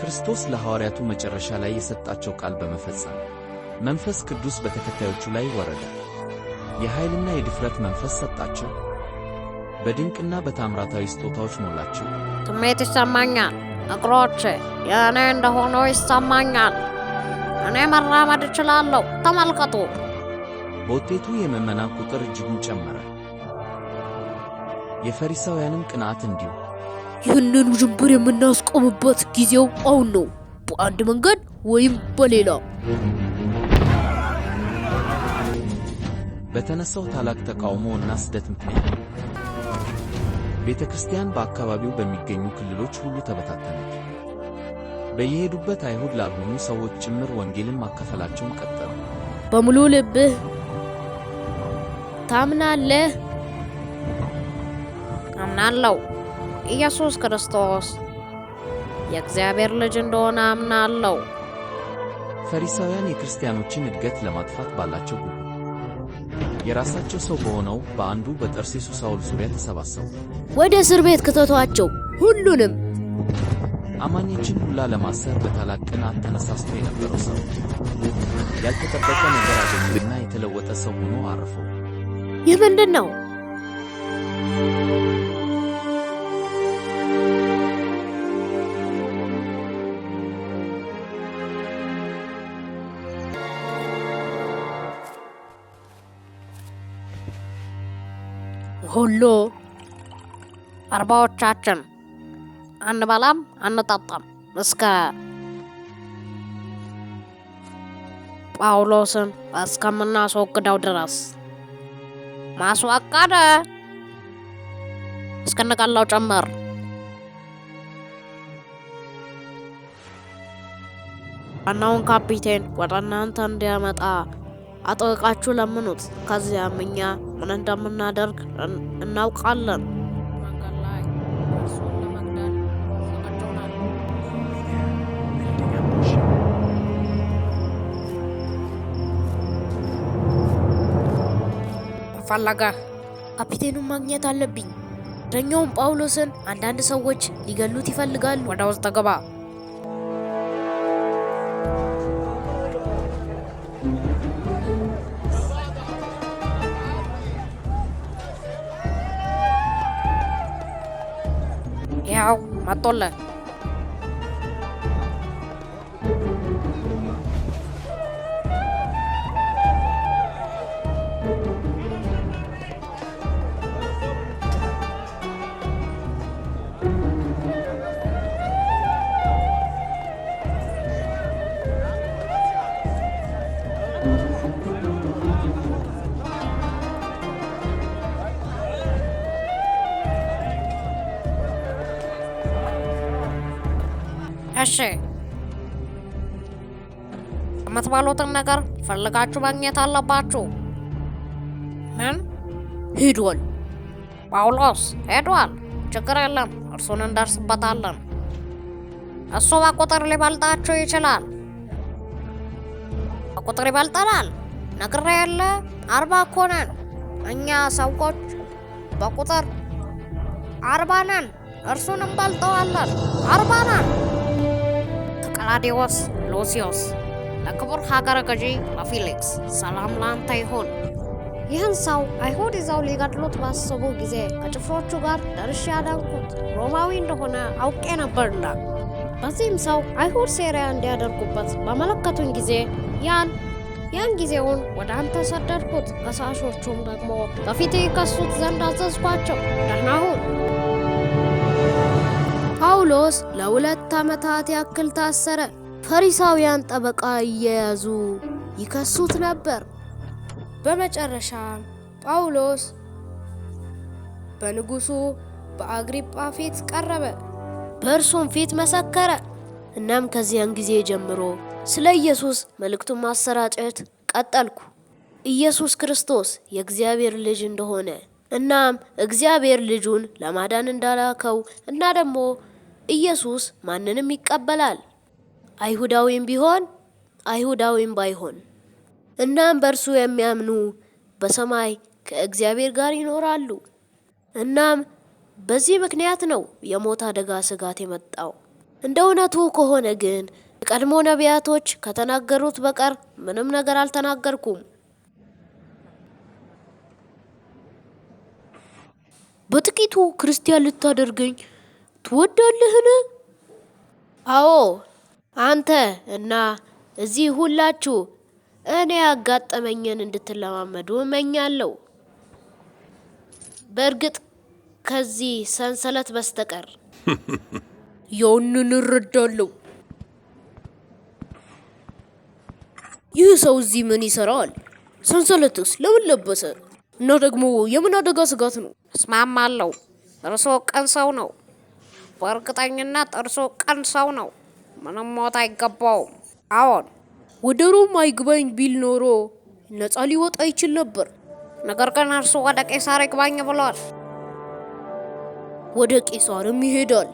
ክርስቶስ ለሐዋርያቱ መጨረሻ ላይ የሰጣቸው ቃል በመፈጸም መንፈስ ቅዱስ በተከታዮቹ ላይ ወረደ። የኃይልና የድፍረት መንፈስ ሰጣቸው። በድንቅና በታምራታዊ ስጦታዎች ሞላቸው። ስሜት ይሰማኛል። እግሮች የእኔ እንደሆኑ ይሰማኛል። እኔ መራመድ እችላለሁ። ተመልከቱ። በውጤቱ የምዕመናን ቁጥር እጅጉን ጨመረ። የፈሪሳውያንም ቅንዓት እንዲሁ ይህንን ውዥንብር የምናስቆምበት ጊዜው አሁን ነው፣ በአንድ መንገድ ወይም በሌላ። በተነሳው ታላቅ ተቃውሞ እና ስደት ምክንያት ቤተ ክርስቲያን በአካባቢው በሚገኙ ክልሎች ሁሉ ተበታተነች። በየሄዱበት አይሁድ ላልሆኑ ሰዎች ጭምር ወንጌልን ማካፈላቸውን ቀጠሉ። በሙሉ ልብህ ታምናለህ? አምናለሁ። ኢየሱስ ክርስቶስ የእግዚአብሔር ልጅ እንደሆነ አምናለሁ። ፈሪሳውያን የክርስቲያኖችን እድገት ለማጥፋት ባላቸው ጉጉ የራሳቸው ሰው በሆነው በአንዱ በጠርሴሱ ሳውል ዙሪያ ተሰባሰቡ። ወደ እስር ቤት ክተቷቸው፣ ሁሉንም አማኞችን ሁላ ለማሰር በታላቅ ቅናት ተነሳስቶ የነበረው ሰው ያልተጠበቀ ነገር አገኘና የተለወጠ ሰው ሆኖ አረፈው። ይህ ምንድን ነው? ሁሉ አርባዎቻችን አንበላም አንጠጣም እስከ ጳውሎስን እስከምናስወግደው ድረስ ማስወቀደ እስክንቀለው ጭምር ዋናውን ካፒቴን ወደ እናንተ እንዲያመጣ አጠቃችሁ ለምኑት። ከዚያም እኛ ምን እንደምናደርግ እናውቃለን። ፈለገ ካፒቴኑን ማግኘት አለብኝ። ረኛውን ጳውሎስን አንዳንድ ሰዎች ሊገሉት ይፈልጋሉ። ወደ ውስጥ ተገባ። மத்தொல்ல እሺ የምትበሉትን ነገር ፈልጋችሁ ማግኘት አለባችሁ። ምን ሂዷል? ጳውሎስ ሄዷል። ችግር የለም፣ እርሱን እንደርስበታለን። እሱ በቁጥር ሊበልጣችሁ ይችላል። በቁጥር ይበልጠናል። ነግረ ያለ አርባ እኮ ነን እኛ ሰዎች በቁጥር አርባ ነን። እርሱን እንበልጠዋለን አርባ ነን። ላዲዮስ ሉሲዮስ፣ ለክቡር ሀገረ ገዢ ለፊሊክስ ሰላም ላንተ ይሁን። ይህን ሰው አይሁድ ይዘው ሊገድሉት ባሰቡ ጊዜ ከጭፍሮቹ ጋር ደርሼ ያዳንኩት ሮማዊ እንደሆነ አውቄ ነበርና በዚህም ሰው አይሁድ ሴሪያ እንዲያደርጉበት በመለከቱኝ ጊዜ ያን ያን ጊዜውን ወደ አንተ ሰደድኩት። ከሳሾቹም ደግሞ በፊት ይከሱት ዘንድ አዘዝኳቸው። ደህና ሁን። ጳውሎስ ለሁለት ዓመታት ያክል ታሰረ። ፈሪሳውያን ጠበቃ እየያዙ ይከሱት ነበር። በመጨረሻ ጳውሎስ በንጉሱ በአግሪጳ ፊት ቀረበ፣ በእርሱም ፊት መሰከረ። እናም ከዚያን ጊዜ ጀምሮ ስለ ኢየሱስ መልእክቱን ማሰራጨት ቀጠልኩ። ኢየሱስ ክርስቶስ የእግዚአብሔር ልጅ እንደሆነ እናም እግዚአብሔር ልጁን ለማዳን እንዳላከው እና ደግሞ ኢየሱስ ማንንም ይቀበላል፣ አይሁዳዊም ቢሆን አይሁዳዊም ባይሆን። እናም በእርሱ የሚያምኑ በሰማይ ከእግዚአብሔር ጋር ይኖራሉ። እናም በዚህ ምክንያት ነው የሞት አደጋ ስጋት የመጣው። እንደ እውነቱ ከሆነ ግን የቀድሞ ነቢያቶች ከተናገሩት በቀር ምንም ነገር አልተናገርኩም። በጥቂቱ ክርስቲያን ልታደርገኝ ትወዳለህን? አዎ አንተ እና እዚህ ሁላችሁ እኔ ያጋጠመኝን እንድትለማመዱ እመኛለሁ። በእርግጥ ከዚህ ሰንሰለት በስተቀር ያንን እረዳለሁ። ይህ ሰው እዚህ ምን ይሰራል? ሰንሰለትስ ለምን ለበሰ? እና ደግሞ የምን አደጋ ስጋት ነው? እስማማለሁ። እርስዎ ቅን ሰው ነው። በእርግጠኝነት እርሱ ቀን ሰው ነው። ምንም ሞት አይገባውም። አዎን፣ ወደ ሮም አይግባኝ ቢል ኖሮ ነጻ ሊወጣ አይችል ነበር። ነገር ግን እርሱ ወደ ቄሳር ይግባኝ ብሏል። ወደ ቄሳርም ይሄዳል።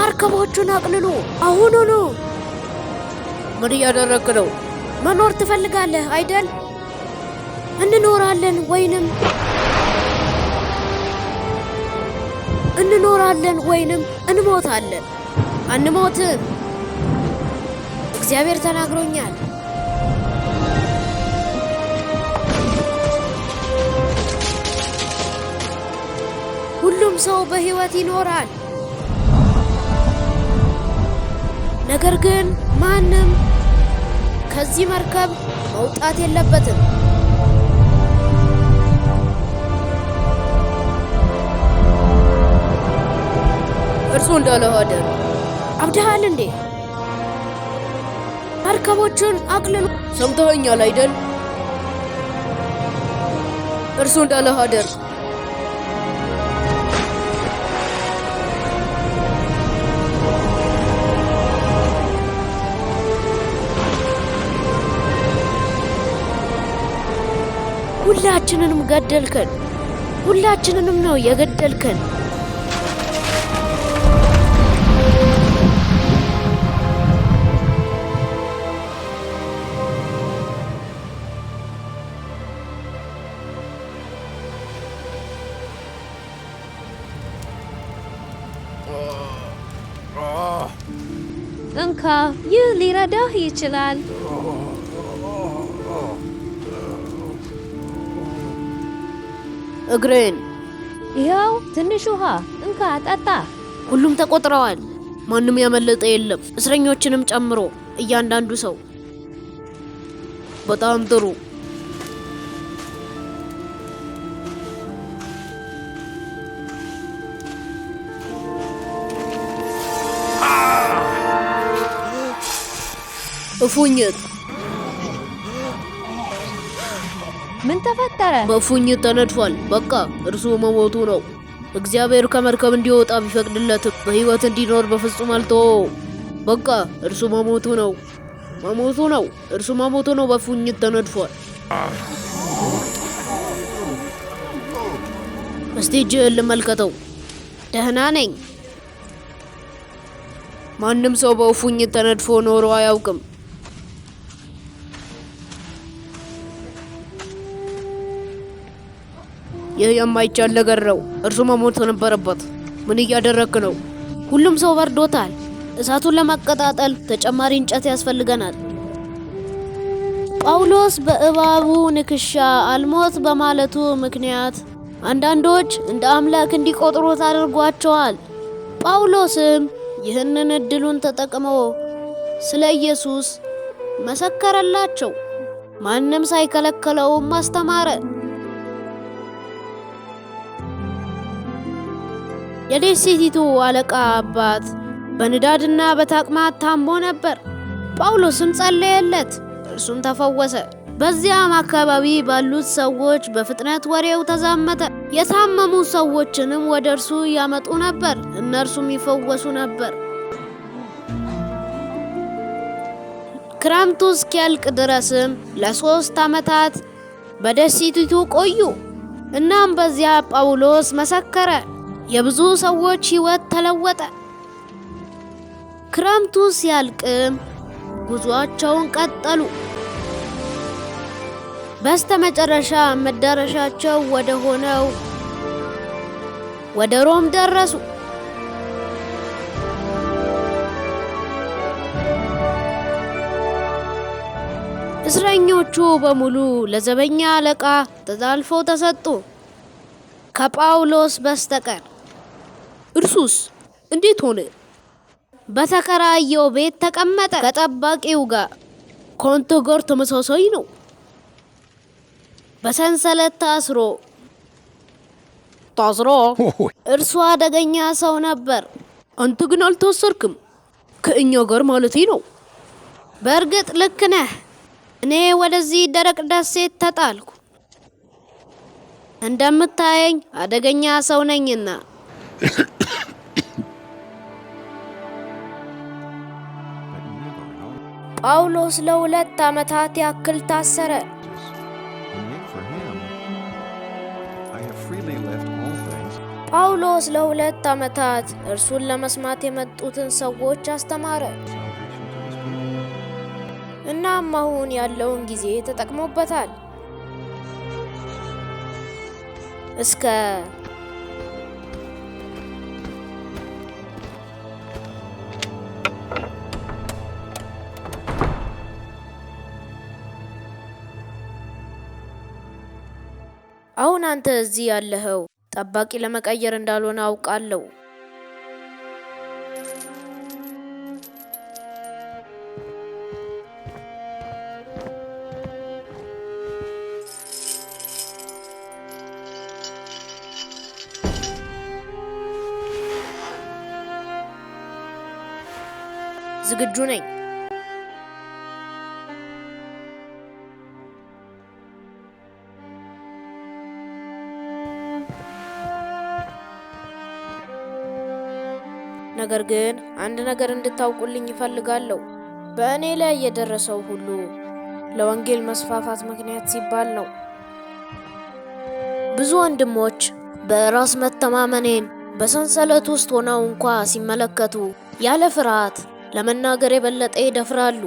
ማርከባቹን አቅልሉ! አሁኑኑ! ምን እያደረግ ነው? መኖር ትፈልጋለህ አይደል? እንኖራለን ወይንም እንኖራለን ወይንም እንሞታለን። አንሞትም፣ እግዚአብሔር ተናግሮኛል። ሁሉም ሰው በሕይወት ይኖራል። ነገር ግን ማንም ከዚህ መርከብ መውጣት የለበትም። እርሱ እንዳለ ሆደ አብደሃል እንዴ? መርከቦቹን አቅልሎ ሰምተኸኛል አይደል? እርሱ እንዳለ ሀደር። ሁላችንንም ገደልከን። ሁላችንንም ነው የገደልከን። እንካ፣ ይህ ሊረዳህ ይችላል። እግሬን። ይኸው ትንሽ ውሃ እንካ ጠጣ። ሁሉም ተቆጥረዋል። ማንም ያመለጠ የለም፣ እስረኞችንም ጨምሮ እያንዳንዱ ሰው። በጣም ጥሩ። እፉኝት ምን ተፈጠረ? በፉኝ ተነድፏል። በቃ እርሱ መሞቱ ነው። እግዚአብሔር ከመርከብ እንዲወጣ ቢፈቅድለትም በሕይወት እንዲኖር በፍጹም አልቶ በቃ እርሱ መሞቱ ነው፣ መሞቱ ነው፣ እርሱ መሞቱ ነው። በፉኝ ተነድፏል። እስቲ እጅህን ልመልከተው። ደህና ነኝ። ማንም ሰው በእፉኝት ተነድፎ ኖሮ አያውቅም። ይህ የማይቻል ነገር ነው። እርሱ መሞት ነበረበት። ምን እያደረክ ነው? ሁሉም ሰው በርዶታል። እሳቱን ለማቀጣጠል ተጨማሪ እንጨት ያስፈልገናል። ጳውሎስ በእባቡ ንክሻ አልሞት በማለቱ ምክንያት አንዳንዶች እንደ አምላክ እንዲቆጥሩት አድርጓቸዋል። ጳውሎስም ይህንን እድሉን ተጠቅሞ ስለ ኢየሱስ መሰከረላቸው። ማንም ሳይከለከለውም አስተማረ። የደሴቲቱ አለቃ አባት በንዳድና በተቅማጥ ታምቦ ነበር። ጳውሎስም ጸለየለት፣ እርሱም ተፈወሰ። በዚያም አካባቢ ባሉት ሰዎች በፍጥነት ወሬው ተዛመተ። የታመሙ ሰዎችንም ወደ እርሱ ያመጡ ነበር፣ እነርሱም ይፈወሱ ነበር። ክረምቱ እስኪያልቅ ድረስም ለሶስት ዓመታት በደሴቲቱ ቆዩ። እናም በዚያ ጳውሎስ መሰከረ። የብዙ ሰዎች ህይወት ተለወጠ። ክረምቱ ሲያልቅም ጉዟቸውን ቀጠሉ። በስተመጨረሻ መዳረሻቸው ወደ ሆነው ወደ ሮም ደረሱ። እስረኞቹ በሙሉ ለዘበኛ አለቃ ተላልፈው ተሰጡ ከጳውሎስ በስተቀር። እርሱስ እንዴት ሆነ? በተከራየው ቤት ተቀመጠ። ከጠባቂው ጋር ከአንተ ጋር ተመሳሳይ ነው። በሰንሰለት ታስሮ ታስሮ እርሱ አደገኛ ሰው ነበር። አንተ ግን አልታሰርክም፣ ከእኛ ጋር ማለት ነው። በእርግጥ ልክ ነህ። እኔ ወደዚህ ደረቅ ደሴት ተጣልኩ። እንደምታየኝ አደገኛ ሰው ነኝና ጳውሎስ ለሁለት ዓመታት ያክል ታሰረ። ጳውሎስ ለሁለት ዓመታት እርሱን ለመስማት የመጡትን ሰዎች አስተማረ። እናም አሁን ያለውን ጊዜ ተጠቅሞበታል እስከ አሁን አንተ እዚህ ያለኸው ጠባቂ ለመቀየር እንዳልሆነ አውቃለሁ። ዝግጁ ነኝ። ነገር ግን አንድ ነገር እንድታውቁልኝ ይፈልጋለሁ። በእኔ ላይ የደረሰው ሁሉ ለወንጌል መስፋፋት ምክንያት ሲባል ነው። ብዙ ወንድሞች በራስ መተማመኔን በሰንሰለት ውስጥ ሆነው እንኳ ሲመለከቱ ያለ ፍርሃት ለመናገር የበለጠ ይደፍራሉ።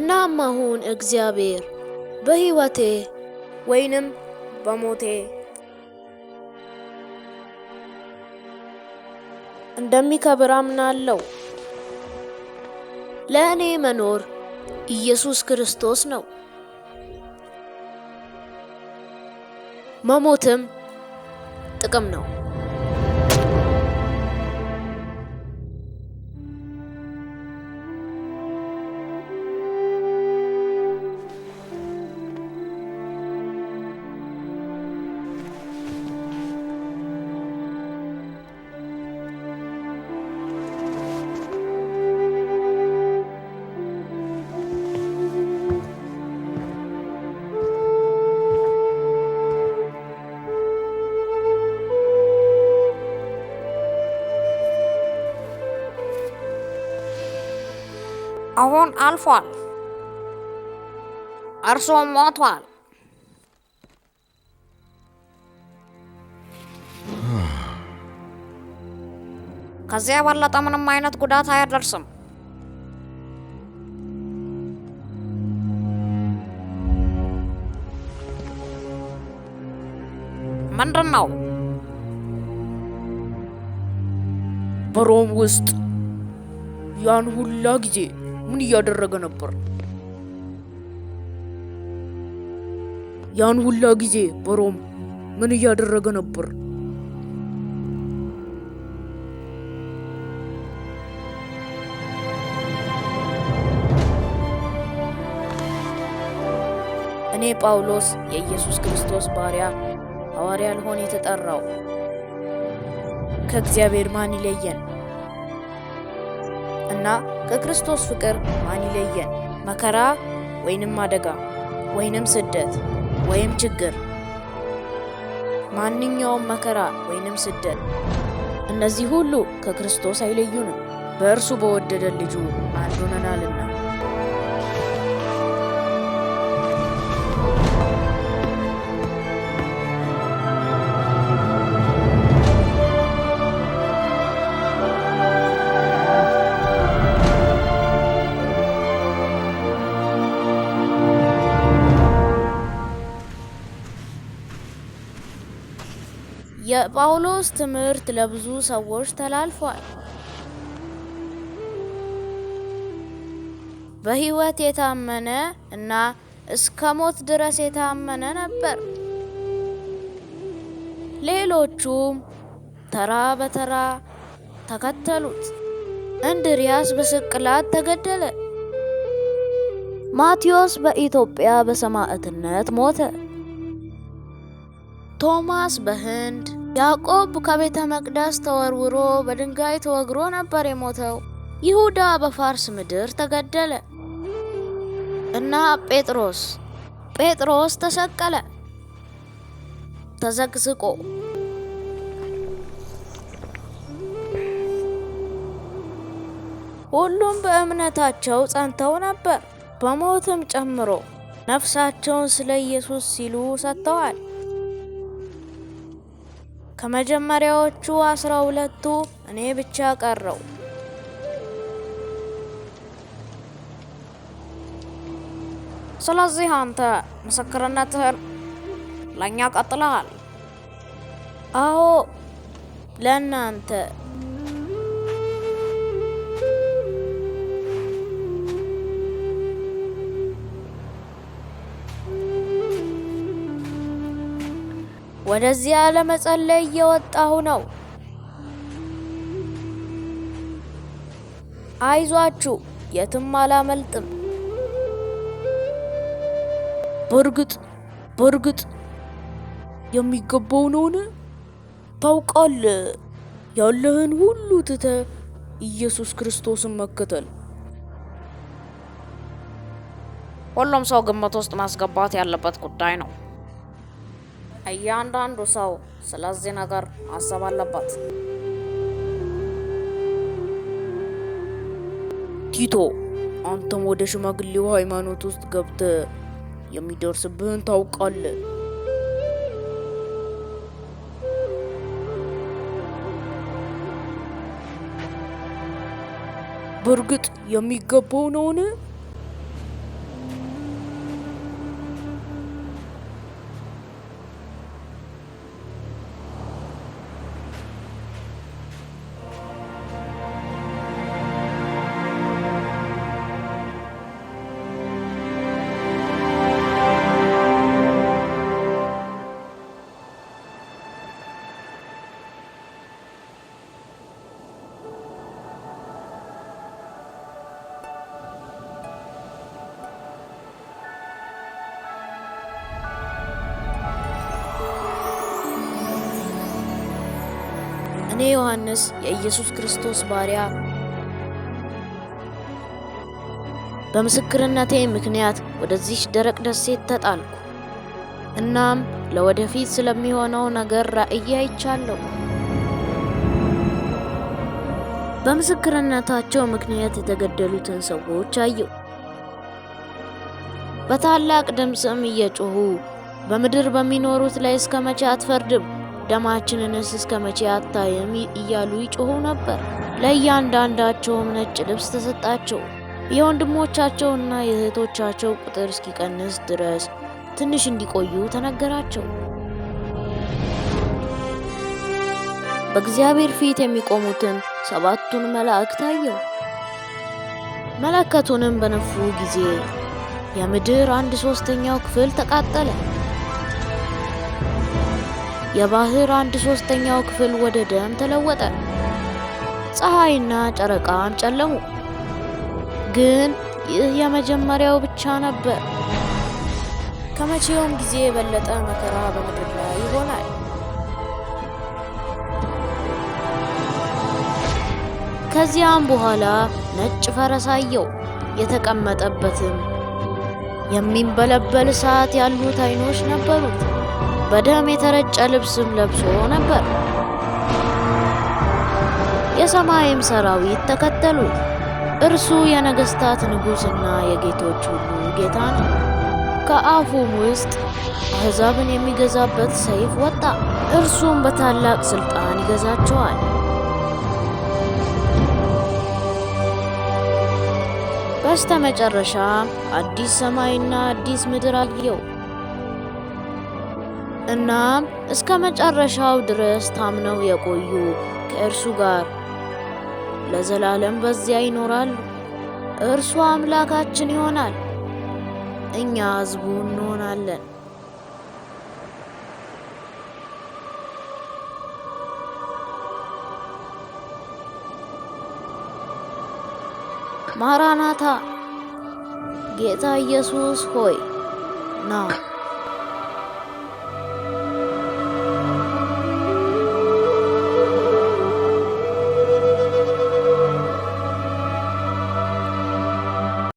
እናም አሁን እግዚአብሔር በሕይወቴ ወይንም በሞቴ እንደሚከብር አምናለሁ። ለእኔ መኖር ኢየሱስ ክርስቶስ ነው። መሞትም ጥቅም ነው። አሁን አልፏል። እርሱም ሞቷል። ከዚያ የበለጠ ምንም አይነት ጉዳት አያደርስም። ምንድን ነው? በሮም ውስጥ ያን ሁላ ጊዜ ምን እያደረገ ነበር? ያን ሁላ ጊዜ በሮም ምን እያደረገ ነበር? እኔ ጳውሎስ የኢየሱስ ክርስቶስ ባሪያ ሐዋርያ ልሆን የተጠራው ከእግዚአብሔር ማን ይለየን እና ከክርስቶስ ፍቅር ማን ይለየን? መከራ ወይንም አደጋ ወይንም ስደት ወይም ችግር፣ ማንኛውም መከራ ወይንም ስደት፣ እነዚህ ሁሉ ከክርስቶስ አይለዩንም፣ በእርሱ በወደደ ልጁ አንድ የጳውሎስ ትምህርት ለብዙ ሰዎች ተላልፏል። በሕይወት የታመነ እና እስከ ሞት ድረስ የታመነ ነበር። ሌሎቹም ተራ በተራ ተከተሉት። እንድሪያስ በስቅላት ተገደለ። ማቴዎስ በኢትዮጵያ በሰማዕትነት ሞተ። ቶማስ በህንድ ያዕቆብ ከቤተ መቅደስ ተወርውሮ በድንጋይ ተወግሮ ነበር የሞተው። ይሁዳ በፋርስ ምድር ተገደለ እና ጴጥሮስ ጴጥሮስ ተሰቀለ ተዘግዝቆ። ሁሉም በእምነታቸው ጸንተው ነበር። በሞትም ጨምሮ ነፍሳቸውን ስለ ኢየሱስ ሲሉ ሰጥተዋል። ከመጀመሪያዎቹ አስራ ሁለቱ እኔ ብቻ ቀረው። ስለዚህ አንተ ምስክርነትህን ለእኛ ቀጥለሃል? አዎ ለእናንተ ወደዚያ ለመጸለይ እየወጣሁ ነው። አይዟችሁ፣ የትም አላመልጥም። በእርግጥ በእርግጥ የሚገባው ነውን? ታውቃለህ፣ ያለህን ሁሉ ትተህ ኢየሱስ ክርስቶስን መከተል ሁሉም ሰው ግምት ውስጥ ማስገባት ያለበት ጉዳይ ነው። እያንዳንዱ ሰው ስለዚህ ነገር አሰብ አለበት። ቲቶ አንተም ወደ ሽማግሌው ሃይማኖት ውስጥ ገብተ የሚደርስብህን ታውቃለ በእርግጥ የሚገባው ነውን? እኔ ዮሐንስ የኢየሱስ ክርስቶስ ባሪያ በምስክርነቴ ምክንያት ወደዚች ደረቅ ደሴት ተጣልኩ። እናም ለወደፊት ስለሚሆነው ነገር ራእይ አይቻለሁ። በምስክርነታቸው ምክንያት የተገደሉትን ሰዎች አየሁ። በታላቅ ድምፅም እየጮሁ በምድር በሚኖሩት ላይ እስከ መቼ አትፈርድም ደማችንን እስከ መቼ አታይም እያሉ ይጮኹ ነበር። ለእያንዳንዳቸውም ነጭ ልብስ ተሰጣቸው። የወንድሞቻቸውና የእህቶቻቸው ቁጥር እስኪቀንስ ድረስ ትንሽ እንዲቆዩ ተነገራቸው። በእግዚአብሔር ፊት የሚቆሙትን ሰባቱን መላእክት አየው። መለከቱንም በነፉ ጊዜ የምድር አንድ ሶስተኛው ክፍል ተቃጠለ። የባህር አንድ ሶስተኛው ክፍል ወደ ደም ተለወጠ። ፀሐይና ጨረቃም ጨለሙ። ግን ይህ የመጀመሪያው ብቻ ነበር። ከመቼውም ጊዜ የበለጠ መከራ በምድር ላይ ይሆናል። ከዚያም በኋላ ነጭ ፈረስ አየው። የተቀመጠበትም የሚንበለበል እሳት ያሉት አይኖች ነበሩት። በደም የተረጨ ልብስም ለብሶ ነበር። የሰማይም ሰራዊት ተከተሉት። እርሱ የነገስታት ንጉሥና የጌቶች ሁሉ ጌታ ነው። ከአፉም ውስጥ አሕዛብን የሚገዛበት ሰይፍ ወጣ። እርሱም በታላቅ ሥልጣን ይገዛቸዋል። በስተ መጨረሻ አዲስ ሰማይና አዲስ ምድር አየው። እናም እስከ መጨረሻው ድረስ ታምነው የቆዩ ከእርሱ ጋር ለዘላለም በዚያ ይኖራሉ። እርሱ አምላካችን ይሆናል፣ እኛ ሕዝቡ እንሆናለን። ማራናታ፣ ጌታ ኢየሱስ ሆይ ና።